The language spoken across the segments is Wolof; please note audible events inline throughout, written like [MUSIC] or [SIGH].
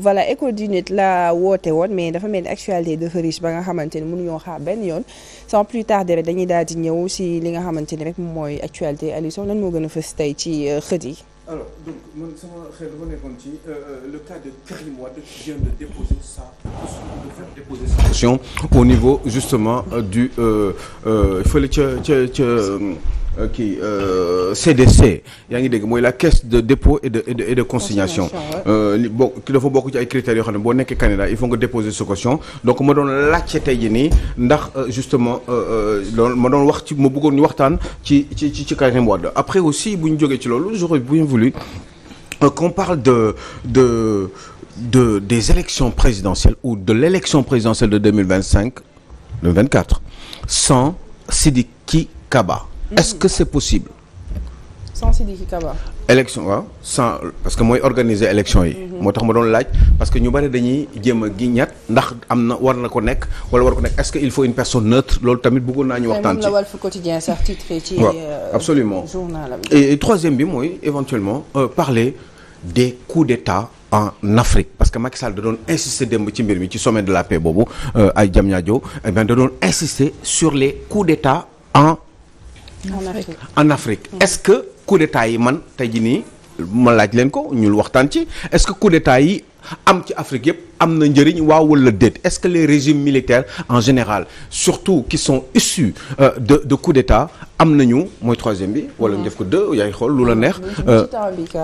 voilà école du nit la woote woon mais dafa mel ni actualité de riche ba nga xamante ni mënuñoo xaar benn yoon sans plus tarder rek dañuy daal di ñëw si li nga xamante ni rek mooy actualité Aliou Sow lan moo gën a fës tey ci euh, xët yi. ci euh, euh, le cas de Karim au niveau justement du fële ca kii euh, CDC euh, yaa ngi dégg mooy la caisse de dépôt et de et de, consignation euh, li bokk ki dafa bokk ci ay critères yoo xam ne boo nekkee candidat il faut nga déposer sa caution donc ma doon laajte tey ji nii ndax justement loolu ma doon wax ci ma bëggoon ñu waxtaan ci ci ci Karim Wade après aussi bu ñu joge ci loolu j'aurais bien voulu qu'on parle de de de des élections présidentielles ou de l'élection présidentielle de 2025 de 24 sans Sidiki Kaba est-ce que c'est possible. sans Sidiki Kaba. élection waaw sans parce que mooy organiser élection yi. Mhm. moo tax ma doon laaj parce que ñu bari dañuy jéem a giññat ndax am na war na ko nekk wala war ko nekk est-ce que il faut une personne neutre loolu tamit bëggoon naa ñu waxtaan ci. la Walf Quotidien sax titré ci. Euh, bi mooy éventuellement euh, parler des coups d'État en Afrique parce que Macky Sall da doon insister démb ci mbir mi ci sommet de la paix boobu euh, ay jam eh bien da doon insister sur les coups en Afrique en Afrique est-ce que coup d'état yi man tey jii nii ma laaj leen ko ñul waxtaan ci est-ce que coup d'état yi am ci Afrique yëpp am na njëriñ waaw wala déet est-ce que les régimes militaires en général surtout qui sont issus euh, de de coup d'état am ñu mooy troisième bi wala ñu def ko deux yaay xool lu la neex. Euh,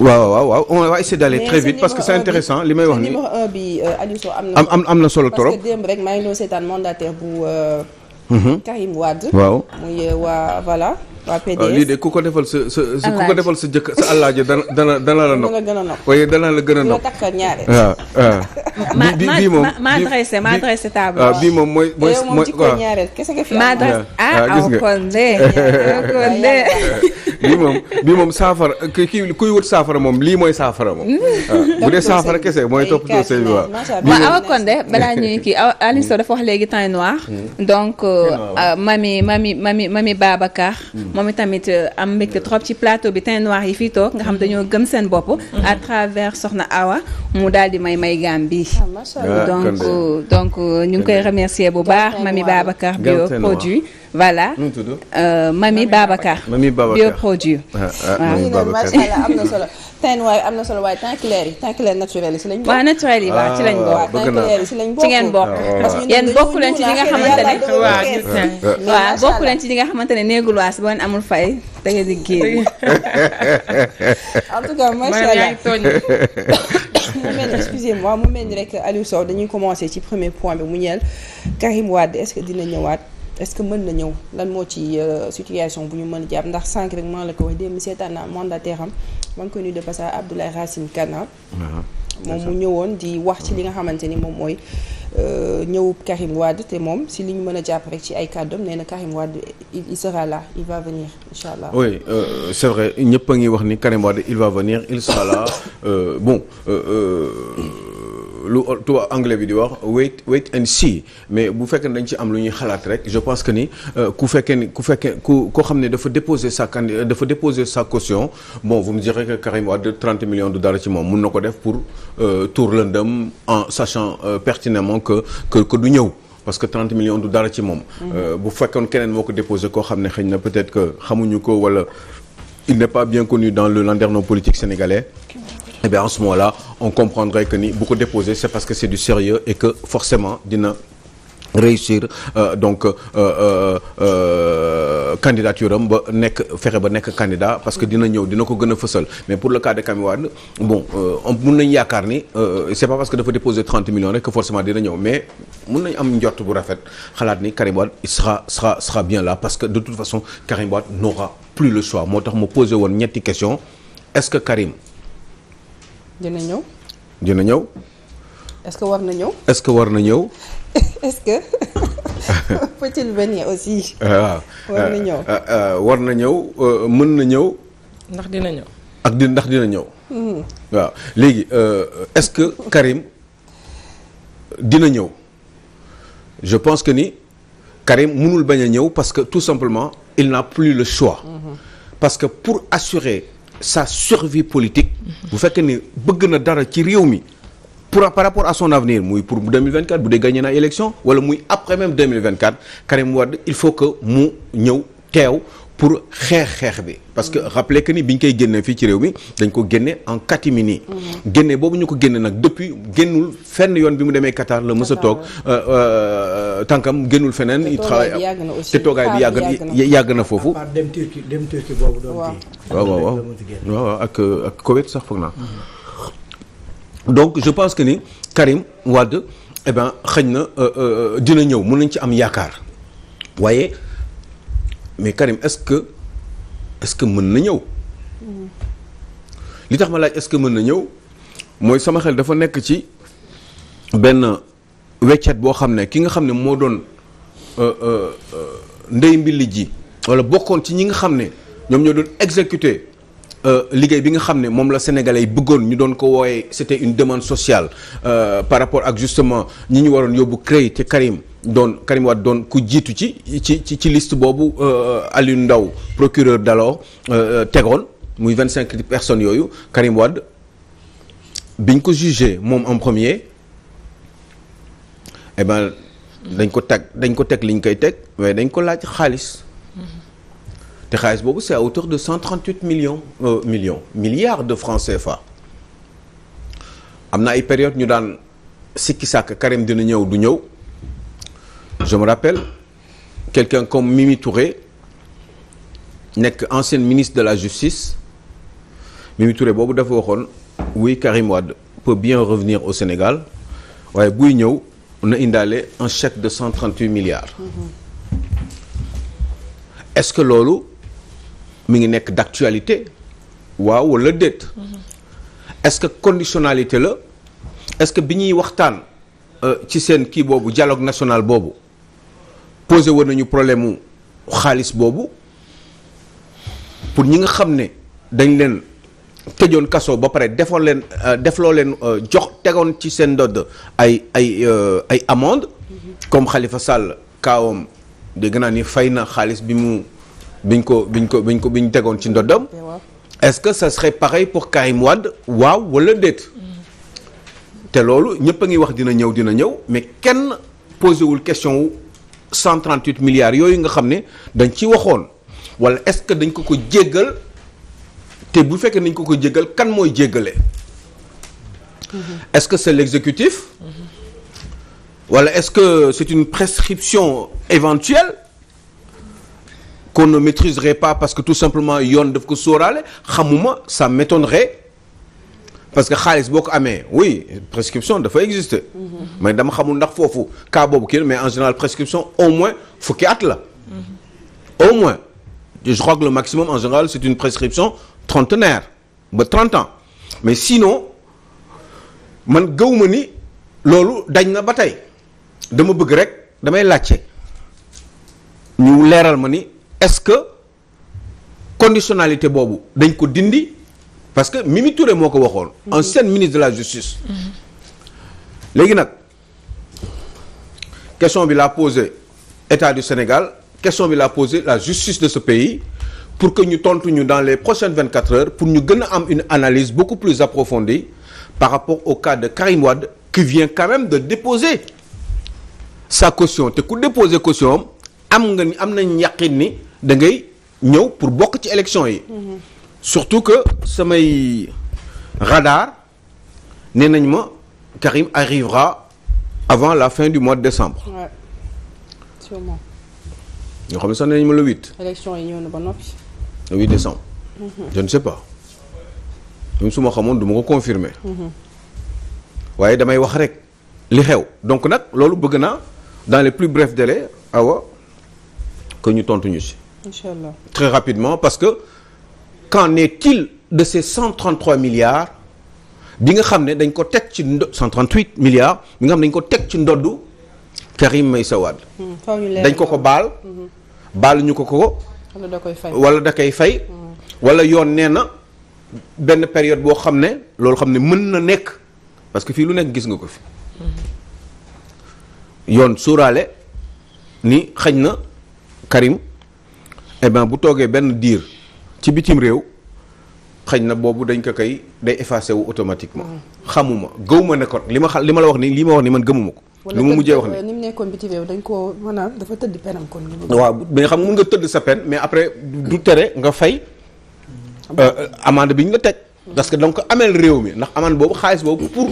waaw waaw waaw on va essayer d'aller très vite parce que c'est intéressant li may wax ni numéro un euh, am na. am am na solo trop Mhm. Karim Wade. waaw muy euh, waa voilà. waa euh, PDS lii de ku ko defal sa sa ku ko defal sa jëkk sa àllaaji dana dana dana la nopp. dana la gën a nopp dana la gën a nopp. loo takkal ñaare. [LAUGHS] waaw ma ma ma adressé ma adressé table. waaw ah, bii moom mooy mooy mooy waaw. ma adressé ah aw kon de aw kon de. bii [LAUGHS] moom bii moom saafara kii kuy wut saafara moom lii mooy saafara moom. Mm. [LAUGHS] bu dee saafara kese mooy toppatoo sëy bi waaw. waaw Awa Konde balaa ñuy kii Alioune Sow dafa wax léegi teint noir. Mm. donc euh, euh, mami mami mami mami Babacar. Mm. moom itamit euh, am mbégte trop ci plateau bi teint noir yi fii toog nga xam dañoo gëm seen bopp. à travers Soxna Awa mu daal di may may gaam bi ah, ah, donc donc ñu ngi koy remercier bu baax mami Babacar. bio produit voilà. mami Babacar. produit. Uh, uh, am na solo teint na solo waaye teint clair yi teint clair naturel yi si lañ. waaw naturel yi waaw ci lañ bokk. bëgg naa ci ngeen bokk. parce bokk leen ci ñi nga xamante ne. waaw gis waaw bokk leen ci ñi nga xamante ne néegu loise boo di génn. en tout cas macha allah mu mel ni rek Aliou Sow dañuy commencer ci premier point bi mu ñeel Karim Wade est-ce que dina ñëwaat. est-ce que mën na ñëw lan moo ci euh, situation bu ñu mën a jàpp ndax sànq rek maa la ko wax démb seetaan naa mandataire am maa ngi koy nuyu de passage Abdoulaye Racine Kana moom mu ñëwoon di wax ci li nga xamante ni moom mooy euh, ñëwub Karim Wade te moom si li ñu mën a jàpp rek ci ay kàddoom nee na Karim Wade il sera là il va venir incha allah. oui euh, c'est vrai ñëpp a ngi wax ni Karim Wade il va venir il sera là bon. lu tubaab anglais bi di wax wait wait and see mais bu fekkee ne dañ ci am lu ñuy xalaat rek je pense que ni euh, ku fekkee ni ku fekkee ku koo xam ne dafa déposer sa euh, dafa déposer sa caution bon vous mu direz que Karim Wade 30 millions du dara ci moom mun na ko def pour euh, tour lëndëm en sachant pertinemment que du ñëw. parce que 30 millions du dara ci moom. Mhm. bu fekkoon keneen moo ko déposé koo xam ne xëy na peut-être que xamuñu ko wala il n'est pas bien connu dans le landerneau politique sénégalais. eh en ce moment-là on comprendrait que ni bu ko déposé c'est parce que c'est du sérieux et que forcément dina réussir euh, donc euh, euh, euh am ba nekk fexe ba nekk candidat parce que dina ñëw dina ko gën a fësal mais pour le cas de Karim Wade bon euh, mun nañu yaakaar ni euh, c'est pas parce que dafa déposer 30 millions rek que forcément dina ñëw mais mun nañu am njort bu rafet xalaat ni Karim Wade il sera sera sera bien là parce que de toute façon Karim Wade n'aura plus le choix moo tax mu posé woon ñetti question est-ce que dina ñëw. dina ñëw. est-ce que war na ñëw. est-ce que war na ñëw. [LAUGHS] est-ce que [LAUGHS] peut-il venir aussi. Ah, waaw ah, ah, war na ñëw. war na ñëw mën na ñëw. ndax dina ñëw. ak di ndax dina ñëw. Hmm. waaw léegi euh, est-ce que Karim dina ñëw je pense que ni Karim mënul bañ a ñëw parce que tout simplement il n'a plus le choix. Hmm. parce que pour assurer. sa survie politique. bu fekkee ne bëgg na dara ci réew mi. pour par rapport à son avenir muy pour 2024 bu dee gagné naa élection wala muy après même 2024 Karim Wade il faut que mu ñëw teew pour xeex xeex bi parce que rappelez que ni bi ñu koy génnee fii ci réew mi dañ ko génne en catimini. Mm-hmm. génne boobu ñu ko génne nag depuis génnul fenn yoon bi mu demee Qatar la mës a toog euh, euh, tànkam génnul feneen. te toogaay bi yàgg na yàgg na foofu. dem Turquie boobu doon waaw waaw waaw ak euh, ak sax foog naa. Mm-hmm. donc je pense que ni Karim Wade eh ben xëy na dina ñëw mun nañ ci am yaakaar mais Karim est-ce que est-ce que mën na ñëw. li tax ma laaj est-ce que mën na ñëw mooy sama xel dafa nekk ci benn weccet boo xam ne ki nga xam ne moo doon euh, euh, ndey mbili ji walla bokkoon ci ñi nga xam ne ñoom ñoo doon exécuter euh, liggéey bi nga xam ne moom la sénégalais yi bëggoon ñu doon ko wooyee c'était une demande sociale par rapport ak justement ñi ñu waroon yóbbu CREI te Karim. doon Karim doon ku jiitu ci ci ci ci liste boobu euh, Aliou Ndao procureur d'alors euh, tegoon muy vingt cinq personnes yooyu Karim Wade biñ ko jugé moom en premier eh dañ ko teg dañ ko teg liñ koy teg mais dañ ko laaj xaalis mm-hmm. te xaalis boobu c'est à hauteur de cent trente huit millions euh, millions de francs CFA am na ay période ñu daan sikki sàkk Karim dina ñëw du ñëw je me rappelle quelqu'un comme Mimi Touré nekk ancienne ministre de la justice Mimi Touré boobu dafa waxoon oui Karim Wade peut bien revenir au Sénégal waaye buy ñëw na indaale un chèque de 138 milliards mm-hmm. est-ce que loolu mi ngi nekk d'actualité waaw wala déet mm-hmm. est-ce que conditionnalité la est-ce que bi ñuy waxtaan euh, ci seen kii boobu dialogue national boobu posé woon nañu problème mu xaalis boobu pour ñi nga xam ne dañ leen tëjoon kaso ba pare defoon leen euh, defloo leen euh, jox tegoon ci seen ndodd ay ay euh, ay amende comme xalifa Sall kaawam dégg naa ni fay na xaalis bi mu biñ ko biñ ko biñ ko biñ tegoon ci ndoddam est-ce que ça serait pareil pour Karim Wade waaw wala déet mm. te loolu ñëpp ngi wax dina ñëw dina ñëw mais kenn posé wul question 138 milliards yooyu nga xam ne dañ ci waxoon wala est-ce que dañ ko ko jéggal te bu fekkee nañ ko ko jéggal kan mooy jéggale est-ce que c'est l'exécutif wala est-ce que c'est une prescription éventuelle qu'on ne maîtriserait pas parce que tout simplement yoon daf ko sóoraale xamuma sa m'étonnerait parce que xaalis boo ko amee oui prescription dafa exister. mais dama xamul ndax foofu cas boobu kii mais en général prescription au moins fukki at la. au moins je crois que le maximum en général c'est une prescription trentenaire ba 30 ans mais sinon man ma ni loolu dañ na ba tey dama bëgg rek damay laajte ñu leeral ma ni est-ce que conditionnalité boobu dañ ko dindi. parce que Mimi Touré moo ko waxoon. Mhm. ancien ministre de la justice. Mhm. léegi nag question bi laa posé état du Sénégal question bi laa posé la justice de ce pays pour que ñu tontu ñu dans les prochaines vingt quatre heures pour ñu gën a am une analyse beaucoup plus approfondie par rapport au cas de Karim Wade qui vient quand même de déposer sa caution te ku déposer caution am nga ni am nañ yàqin ni da ngay ñëw pour bokk ci élection yi. Mhm. surtout que samay radar nee nañ ma Karim arrivera avant la fin du mois de décembre. Ouais. sûrement. ne nañ ma le huit. élection yi ñëw na ba noppi. le huit décembre. Mm xamoon du ko confirmer. Mhm. waaye damay wax rek li xew. donc nag loolu bëgg naa dans les plus brefs délais awa que ñu tontu ñu si. très rapidement parce que. qu'en est de ces 133 milliards bi nga xam ne dañ ko teg ci 138 milliards bi nga xam ne dañ ko teg ci ndoddu Karim may Wade hmm, dañ ko ko baal hmm. baal ñu ko ko wala da koy fay hmm. wala yoon nee na benn période boo xam ne loolu xam ne mën na nekk parce que fii lu nekk gis nga ko fi yoon suuraale ni xëj na Karim eh bu toogee benn diir ci bitim réew xëy na boobu dañ ko kay day effacé wu automatiquement. Mm. xamuma gëwuma ne kon li ma xal li ma la wax nii li ma wax nii man gëmuma ko. lu mu mujjee wax ni euh, ni mu nekkoon bitim réew dañ koo maanaam dafa tëdd penam kon. waaw mais xam mun nga tëdd sa pen mais après du tere nga fay mm. euh, amende bi ñu la teg. parce que ko ameel réew mi ndax amende boobu xaalis boobu pour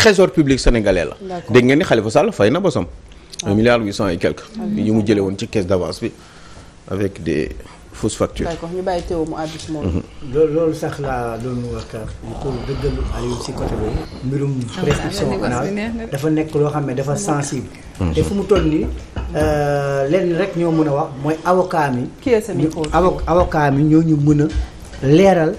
trésor public sénégalais la. dégg ngeen ni Khalifa Sall fay na bosam. Ah. un milliard huit cent et ñu ah mu jëlee woon ci caisse d'avance bi avec fausse facture. d'accord ñu bàyyi Théo mu àddu ci mhm. loolu sax laa doon wax ñu ko dëggal Aliou si côté boobu. mbirum ah, prescription pénale dafa nekk loo xam ne dafa sensible. Mhm. te fu mu toll nii euh, lenn rek ñoo mën a wax mooy avocat mi. ñu avocat ñoo ñu mën a leeral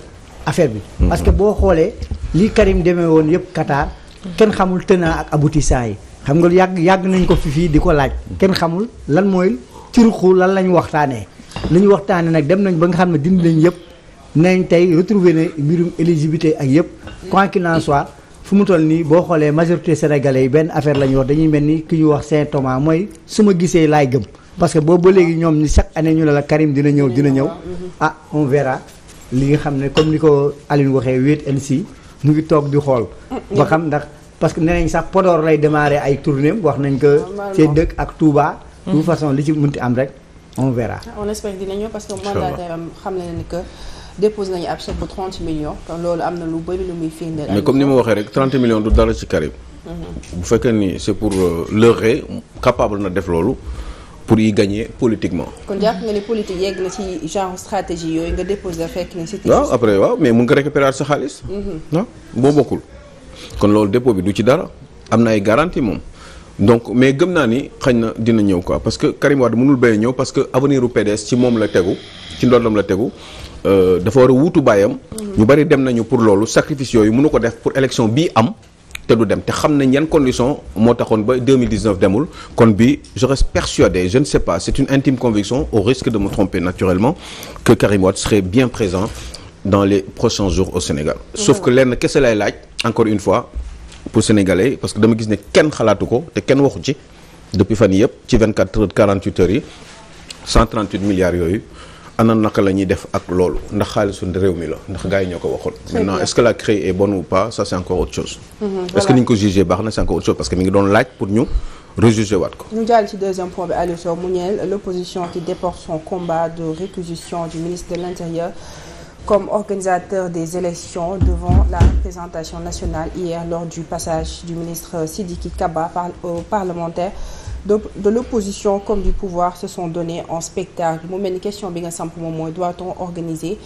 affaire bi. Mhm. parce que boo xoolee li Karim demee woon yëpp Qatar. kenn xamul tenant ak aboutissant yi. xam nga lu yàgg yàgg nañ ko fi di ko laaj. kenn xamul lan mooy ci ruqu lan lañu waxtaanee. li ñu waxtaanee nag dem nañ ba nga xam ne dindi lañ yëpp nañ tey retrouver ne mbirum éligibilité ak yëpp quoi qu'il en fu mu toll nii boo xoolee majorité sénégalais yi benn affaire lañu ñuy wax dañuy mel ni ki ñu wax Saint Thomas mooy su ma gisee laay gëm parce que boobu ba léegi ñoom ñi chaque année ñu ne la Karim dina ñëw dina ñëw ah on verra li nga xam ne comme ni ko Aline waxee wait and si mu ngi toog di xool ba xam ndax parce que nee nañ sax podoor lay démarrer ay tournéem wax nañ ko seen dëkk ak Touba hmm. façon li ci mënti am rek on verra. on espère dina parce que mandataire am xam na ni que déposé nañu ab chèque bu millions. loolu am na lu bëri lu muy firndeel. mais comme ni ma waxee rek 30 millions du dara ci Karim. Mhm. bu fekkee ni c'est pour euh, leurrer capable na def loolu. pour y gagner politiquement. kon jàpp nga ni politique yegg na ci genre stratégie yooyu nga déposé fekk ni c'était waaw après waaw mais mun nga récupérer sa xaalis. non mhm. boo bokkul. kon loolu dépôt bi du ci dara am na ay garantie moom. donc mais gëm naa ni xañ na dina ñëw quoi parce que Karim Wade mënul bañ ñëw parce que avenir u PDS ci moom la tegu ci ndollam la tegu euh, dafa war a wutu baayam ñu bari dem nañu pour loolu sacrifice yooyu mënu ko def pour élection bii am te du dem te xam nañ yan condition moo taxoon ba 2019 demul kon bi je reste persuadé je ne sais pas c'est une intime conviction au risque de me tromper naturellement que Karim Wade serait bien présent dans les prochains au Sénégal sauf que lenn kese lay laaj encore une fois pour sénégalais parce que dama gis ne kenn xalaatu ko te kenn waxu ci depuis fan yëpp ci milliards yooyu ana naka la def ak loolu ndax xaalisu réew mi la ndax gars yi ñoo ko waxoon. maintenant est-ce la CREI est bonne pas ça c'est encore mm-hmm, est-ce que ni ñu ko jugé baax na c'est encore parce que mi ngi doon laaj pour ñu. rejugé ko. ñu jàll ci deuxième point bi Aliou Sow mu ñeel l'opposition qui déporte son combat de réquisition du ministre comme organisateur des élections devant la représentation nationale hier lors du passage du ministre Sidiki Kaba par aux parlementaires de, de l'opposition comme du pouvoir se sont donnés en spectacle mu mel question bi nga samp moom mooy doit-on organiser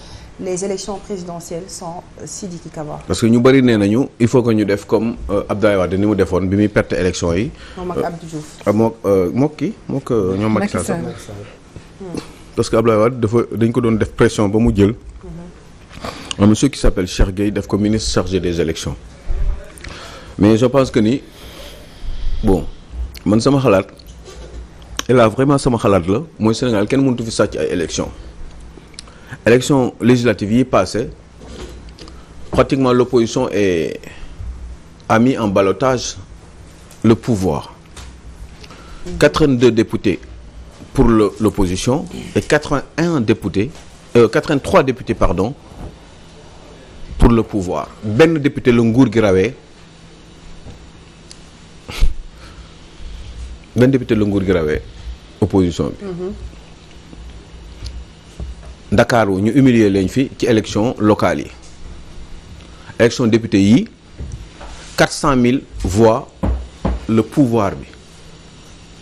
les élections présidentielles sans Sidiki Kaba. parce que ñu bëri nee nañu il faut que ñu def comme euh, Abdoulaye Wade ni mu defoon bi muy perte élection yi. moom ak euh, Abdou Diouf. Euh, moo moo kii moo parce que Abdoulaye dañ ko doon def pression ba mu jël. Mhm. un monsieur qui s'appelle Cheikh Gueye def ko ministe chargé des élections mais je pense que ni bon man sama xalaat et là vraiment sama xalaat la mooy Sénégal kenn mëntu fi sàcc ay élections élections législatives yi passé pratiquement l'opposition est a mis en ballottage le pouvoir 82 députés pour l'opposition et 81 députés euh, 83 députés pardon pour le pouvoir benn député la nguur gi rawee benn député la nguur gi rawee opposition bi. Ndakaaru mhm. ñu humilier leen fi ci élection locale yi élection député yi quatre cent mille voix le pouvoir bi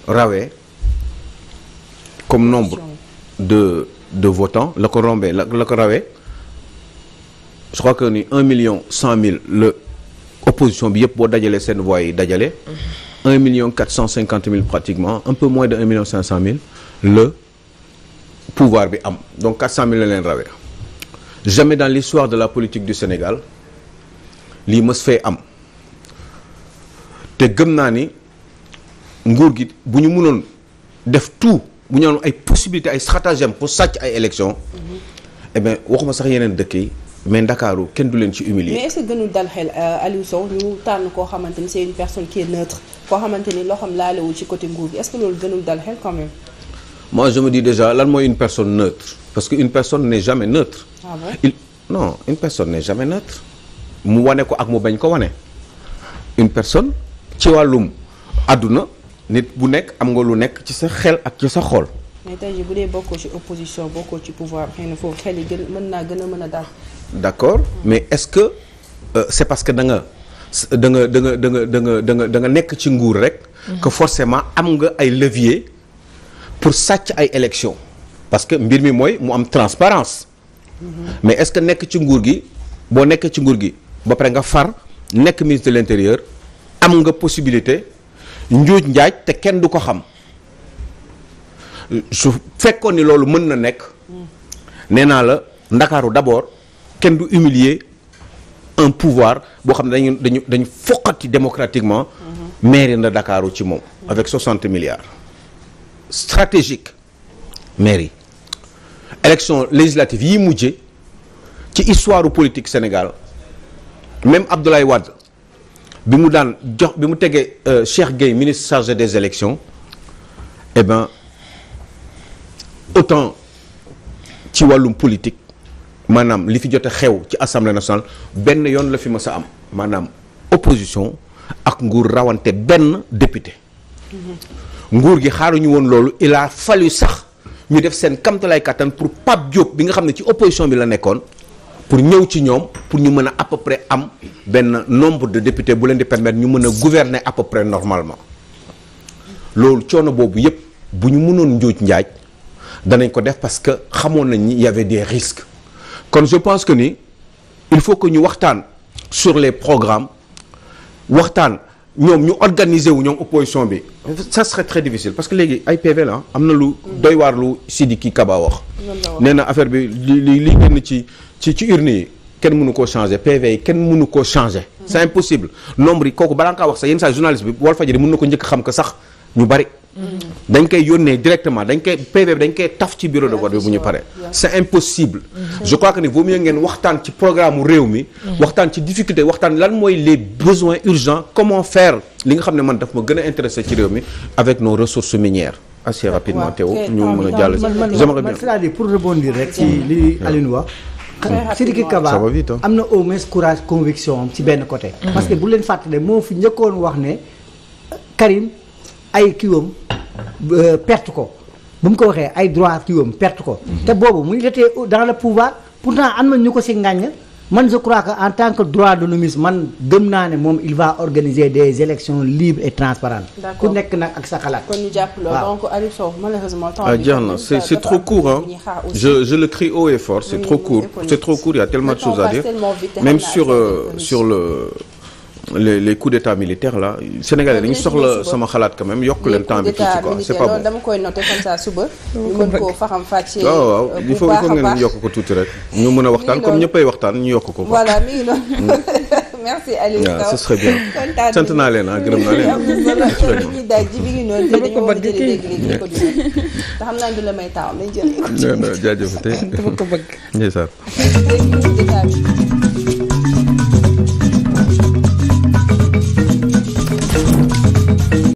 rawee comme nombre de de votants la ko rombee la la ko rawee. je crois que ni un million cent mille le opposition bi yëpp boo dajalee seen voix yi dajale. un million quatre cent cinquante mille pratiquement un peu moins de un million cinq cent le pouvoir bi am donc quatre cent mille la leen rawee. jamais dans l'histoire de la politique du Sénégal lii mës fee am te gëm naa ni nguur gi bu ñu mënoon def tout bu ñu am ay possibilités ay stratagèmes pour sàcc ay élections. eh bien waxuma sax yeneen dëkk yi. mais Ndakaaru kenn du leen ci humilier. mais est-ce que gënul dal xel euh, Aliou ñu tànn koo xamante ni c'est une personne qui est neutre koo xamante ni loxoom laalewul ci côté nguur gi est-ce que loolu gënul dal xel quand même. moi je me déjà lan mooy une personne neutre parce que une personne n'est jamais neutre. Ah ouais? il non une personne n'est jamais neutre. mu wane ko ak mu bañ ko wane. une personne ci wàllum àdduna nit bu nekk am nga lu nekk ci sa xel ak ci sa xol. mais tey jii bu dee bokkoo ci opposition bokkoo ci pouvoir mën naa gën a mën a daal. d'accord mais est-ce que euh, c'est parce que da nga da nga da nga da nga da nga nekk ci nguur rek. que forcément am nga ay levier pour sàcc ay élections parce que mbir mi mooy mu am transparence mais est-ce que nekk ci nguur gi boo nekkee ci nguur gi ba pare nga far nekk ministre de l'intérieur am nga possibilité njuuj njaaj te kenn du ko xam su fekkoon ni loolu mën na nekk nee naa la Ndakaaru d'abord. kenn du humilier un pouvoir boo xam ne dañu dañu dañu foqati démocratiquement mairie na Dakaaru ci moom avec 60 milliards stratégique mairie élection législative yi mujje ci histoire politique Sénégal même Abdoulaye Wade bi mu daan jox bi mu tegee euh, Cheikh Gueye ministre chargé des élections eh ben ci wàllum politique maanaam li fi jote xew ci assemblée nationale benn yoon la fi mës a am maanaam opposition ak nguur rawante benn député. nguur gi xaaruñu woon loolu il a fallu sax ñu def seen kamtalaay kattan pour Pape Diop bi nga xam ne ci opposition bi la nekkoon pour ñëw ci ñoom pour ñu mën a à peu am benn nombre de députés bu leen di permettre ñu mën a gouverner à peu normalement loolu coono boobu yépp bu ñu mënoon njuuj njaaj danañ ko def parce que xamoon nañ ni y des risques. kon je pense que ni il faut que ñu waxtaan sur les programmes waxtaan ñoom ñu organiser wu ñoom opposition bi ça serait très difficile parce que léegi ay PV la am na lu doy waar lu Sidiki Kaba wax nee na affaire bi li li génn ci ci ci urne yi kenn mënu koo changer PV yi kenn mënu koo changer c'est impossible nombre yi kooku balaa nga kaa wax sax yenn saa journaliste bi Walfadjri mën na ko njëkk xam que sax ñu bari dañ koy yónnee directement dañ koy PV bi dañ koy taf ci bureau de vote bi bu ñu paree c'est impossible mm-hmm. je crois que ni vaut mieux ngeen waxtaan ci programme réew mi mm-hmm. waxtaan ci difficulté waxtaan lan mooy les besoins urgents comment faire li nga xam ne man daf ma gën a intéressé ci réew mi avec nos ressources minières assez rapidement Théo ñu mën a jàll c'est-à-dire pour rebondir mm. am na au moins courage conviction am ci benn côté mm. parce que bu leen fàttale Euh, perte ko bu mu ko waxee ay droit kiiwam perte ko mhm. te boobu mu était dans le pouvoir pourtant am na ñu ko si ngàññ man je crois que en tant que droit de l'homme man gëm naa ne moom il va organiser des élections libres et transparentes. ku nekk nag ak sa xalaat. kon ñu jàpp loolu donc Aliou Sow malheureusement. temps ah, bi jeex na c' est c' est trop court je le crie haut et fort c' trop court c' est a tellement de choses à dire même sur euh, le. les les coups d'état militaires là sénégalais dañu soxla sama xalaat quand même yokk leen temps bi tuuti quoi c'est pas bon dama koy noter comme ça ah, waaw waaw euh, il faut il ngeen yokk ko tuuti rek ñu mën a waxtaan comme ñëppay waxtaan ñu yokk ko voilà mi mm. [LAUGHS] ah, naa leen ah gërëm naa leen [LAUGHS] daaj bi ngi noonu te xam naa du la may taaw may jël jaajëf te dama ko bëgg